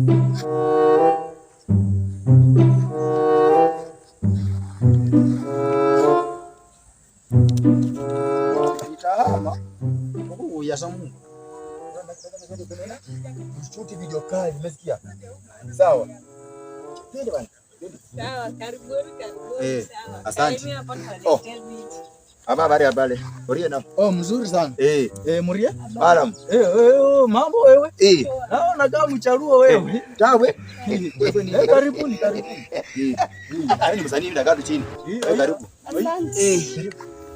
Shuti video kali, umesikia? Sawa. Sawa, karibuni karibuni. Eh, asante. Oh. Ama bari bale. Urie na. Oh, mzuri sana. Eh. Eh, Murie? Balam. Eh, eh, oh, mambo wewe. Eh. Naona kama mchaluo wewe. Tawe. Eh, eh, eh, karibuni, karibuni. Eh. Yaani ni msanii ndakaa tu chini. Eh, eh karibu. Eh.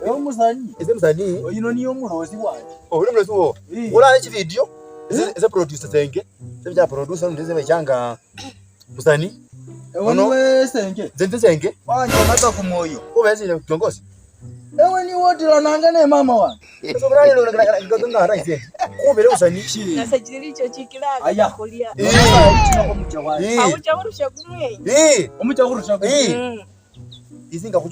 Wewe msanii. Ese msanii. Oyi oh, no niyo murozi waje. Oh, ule mrozi wo. Ula ni video. Ese producer senge. Ese ja producer ndize mechanga. Msanii. Wewe senge. Zende senge. Ah, nyama ta kumoyo. Uwezi kiongozi wote wanaangalia mama wa.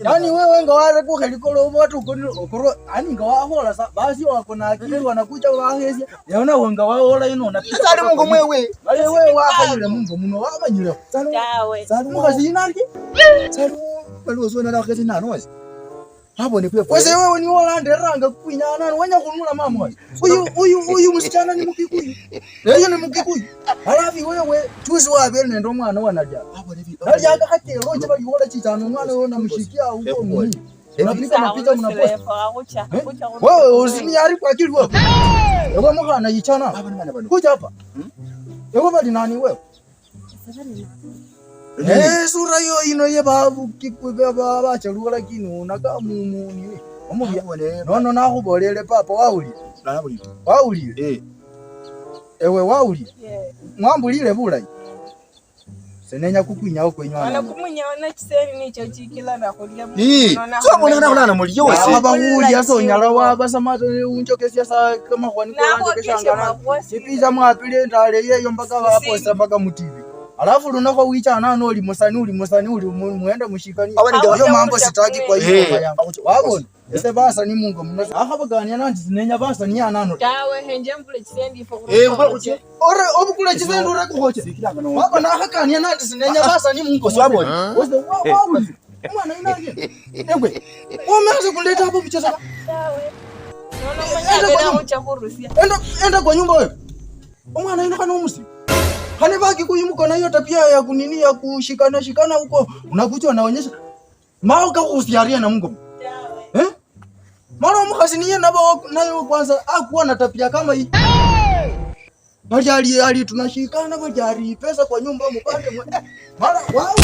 Yaani wewe ngawale kwa kelikolo watu ukoro ani ngawahola basi wako na akili wanakuja wahezi. Yaona wenga wahola ino na sali Mungu mwewe. Wale wewe wako yule Mungu muno wamanyile. Sali. Sali Mungu asinaki. Sali. Bali wazona na wakati nanozi. Hapo ni kwa wewe wewe ni wala nderanga kukunya nani wanya kununa mama huyu huyu huyu msichana ni mkikuyu yeye ni mkikuyu halafu wewe chuzi wa bele ndo mwana wanaja hapo ni vipi hali yaka kati roje bali wala chitano mwana wewe unamshikia huko ni unapika unapika unaposta eh? wewe uzimi kwa akili wewe wewe mwana anajichana kuja hapa hmm? wewe bali nani wewe Hmm. Eh, sura yo ino ye babu kikwiga baba chalua lakini unaga mumuni we omubya nono nakhubolele papa wawulia wawulile eh. ewe wawulia mwambulile bulayi senenya kukwinyao kwenywansomonana khulana muliyo wesewabawulya sonyala wabasamata unjokesya sa kamakhwani kewanjokeshangana ipicha mwapile endala yeyo mpaka waposa mpaka mutivi Alafu lunako wicha nano uli musani uli musani uli muende mushikani. Hiyo mambo sitaki kwa hiyo yangu. Wabona? Ese basa ni Mungu mna. Aha bagania nanti zinenya basa ni anano. Tawe henje mbule chisendi ifo. Eh mkule kuche. Ore kule chisendi ore kuhoche. Baba na aha kania nanti zinenya ah. basa ni Mungu wabona. Wose wabona. Mwana ina Ewe. Ndegwe. Umeanza kuleta hapo mchezo. Tawe. Eh, enda kwa nyumba wewe. Mwana ina kana umusi hanibaki huyu na hiyo tabia ya kunini ya kushikana shikana huko, unakuja unaonyesha maoka kusiaria na Mungu eh, mara mkasiniye na nayo kwanza akuwa na tabia kama hii bajari ali tunashikana bajari pesa kwa nyumba mkate eh, mara wao